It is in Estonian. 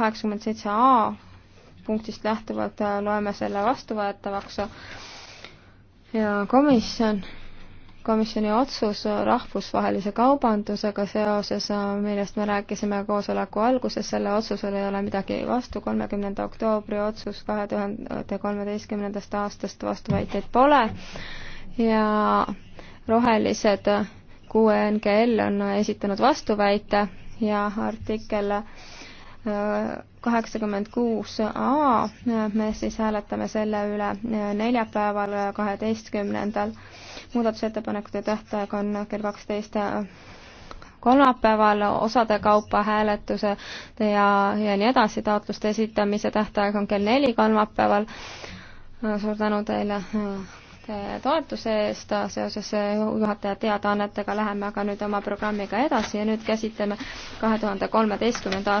kaheksakümmend seitse A punktist lähtuvalt äh, loeme selle vastuvõetavaks ja komisjon, komisjoni otsus rahvusvahelise kaubandusega seoses, äh, millest me rääkisime koosoleku alguses, selle otsusel ei ole midagi vastu, kolmekümnenda oktoobri otsus kahe tuhande kolmeteistkümnendast aastast vastuväiteid pole ja rohelised QNGL on esitanud vastuväite ja artikkel kaheksakümmend kuus A, me siis hääletame selle üle neljapäeval, kaheteistkümnendal. muudatusettepanekute tähtaeg on kell kaksteist kolmapäeval osade kaupa hääletuse ja, ja nii edasi, taotluste esitamise tähtaeg on kell neli kolmapäeval. suur tänu teile teie toetuse eest seoses juhataja teadaannetega, läheme aga nüüd oma programmiga edasi ja nüüd käsitleme kahe tuhande kolmeteistkümnenda aasta